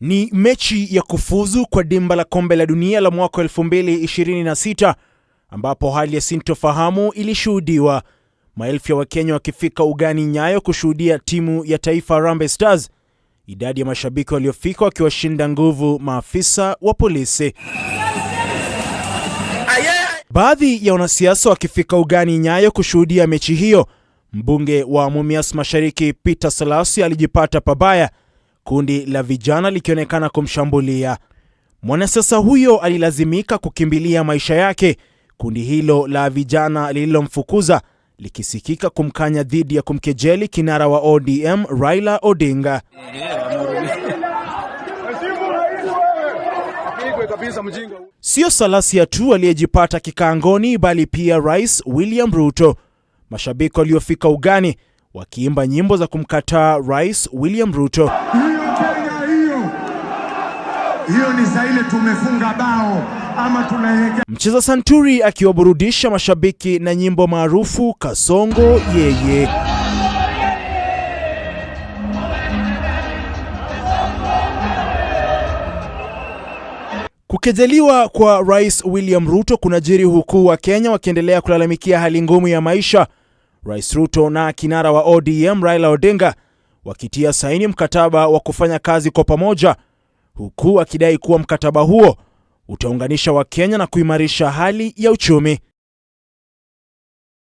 Ni mechi ya kufuzu kwa dimba la kombe la dunia la mwaka 2026 ambapo hali ya sintofahamu ilishuhudiwa, maelfu ya Wakenya wakifika ugani Nyayo kushuhudia timu ya taifa rambe Stars, idadi ya mashabiki waliofika wakiwashinda nguvu maafisa wa polisi. Baadhi ya wanasiasa wakifika ugani Nyayo kushuhudia mechi hiyo. Mbunge wa Mumias Mashariki Peter salasi alijipata pabaya kundi la vijana likionekana kumshambulia. Mwanasiasa huyo alilazimika kukimbilia maisha yake, kundi hilo la vijana lililomfukuza likisikika kumkanya dhidi ya kumkejeli kinara wa ODM Raila Odinga. Sio Salasia tu aliyejipata kikaangoni, bali pia Rais William Ruto. Mashabiki waliofika ugani wakiimba nyimbo za kumkataa Rais William Ruto hiyo ni za ile tumefunga bao ama tunaiwekea. Mcheza santuri akiwaburudisha mashabiki na nyimbo maarufu Kasongo yeye. Kukejeliwa kwa Rais William Ruto kunajiri huku wa Kenya wakiendelea kulalamikia hali ngumu ya maisha. Rais Ruto na kinara wa ODM Raila Odinga wakitia saini mkataba wa kufanya kazi kwa pamoja huku akidai kuwa mkataba huo utaunganisha Wakenya na kuimarisha hali ya uchumi.